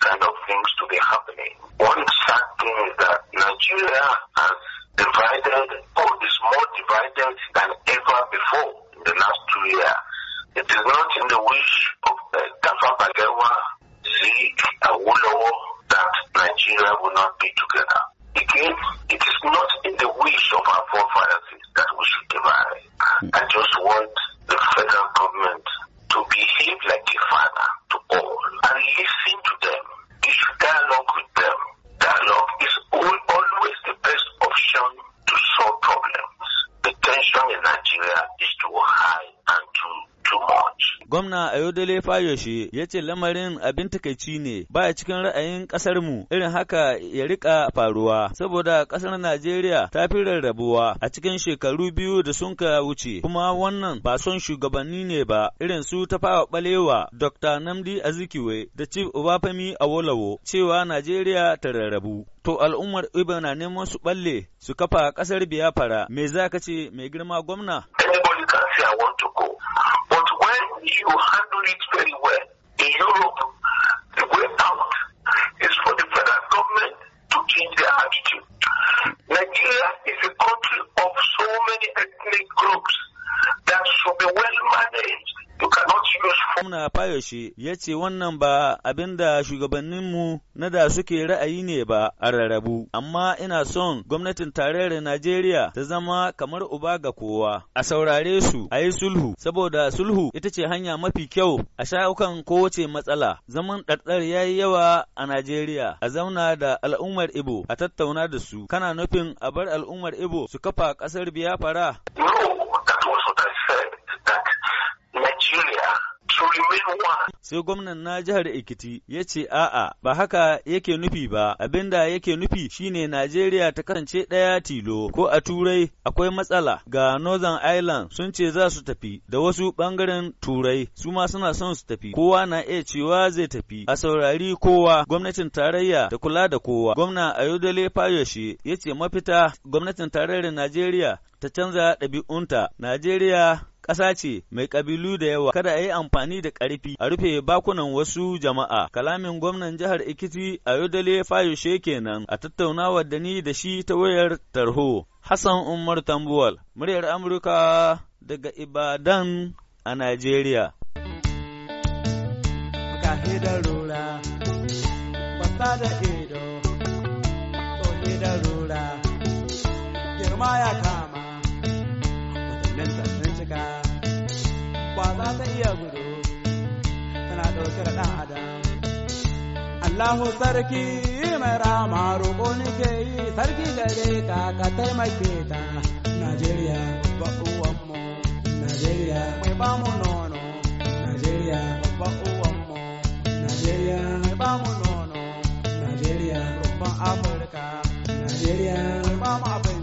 kind of things to be happening. One sad thing is that Nigeria has divided or is more divided than ever before in the last two years. It is not in the wish of uh, Tafa Balewa, Zeke, Awolowo that Nigeria will not be together. Gwamna Ayodele Fayoshe ya ce lamarin abin takaici ne ba cikin ra'ayin ƙasar mu irin haka ya rika faruwa saboda ƙasar Najeriya ta fi rarrabuwa a cikin shekaru biyu da sun ka wuce kuma wannan ba son shugabanni ne ba irin su ta fawa balewa Dr. Namdi Azikiwe da Chief Obafemi Awolowo cewa Najeriya ta rarrabu. to al'ummar Ibo na neman su balle su kafa ƙasar biyafara me za ka ce mai girma gwamna? you handle it very well. Hamna Fayoshe ya ce wannan ba abin da shugabanninmu na da suke ra'ayi ne ba a rarrabu, amma ina son gwamnatin tarayyar Najeriya ta zama kamar uba ga kowa. A saurare su, a yi sulhu, saboda sulhu ita ce hanya mafi kyau a sha'ukan kowace matsala. Zaman ɗarɗar ya yi yawa a Najeriya, a zauna da al'ummar Ibo, a tattauna da su. Kana nufin a bar al'ummar Ibo su kafa ƙasar biyafara Sai gwamnan na jihar Ekiti ya ce a'a ba haka yake nufi ba abinda yake nufi shine Najeriya ta kasance ɗaya tilo ko a turai akwai matsala ga Northern Ireland sun ce za su tafi da wasu ɓangaren turai su ma suna son su tafi kowa na iya cewa zai tafi a saurari kowa gwamnatin tarayya da kula da kowa gwamna Ayodele Fayoshe ya ce mafita gwamnatin tarayyar Najeriya ta canza ɗabi'unta Najeriya ƙasa ce mai ƙabilu da yawa kada a yi amfani da ƙarfi a rufe bakunan wasu jama'a kalamin gwamnan jihar Ekiti yodale Fayoshe kenan a tattaunawa da ni da shi ta wayar tarho Hassan Umar Tambuwal muryar Amurka daga Ibadan a Najeriya da ido, ta iya gudu tana ɗauke da ɗan adam Allahu sarki mai rama roƙo ke yi sarki gare ka ka taimake ta Najeriya ba uwanmu Najeriya mai ba mu nono Najeriya ba uwanmu Najeriya mai ba mu nono Najeriya babban Afirka Najeriya mai ba mu Afirka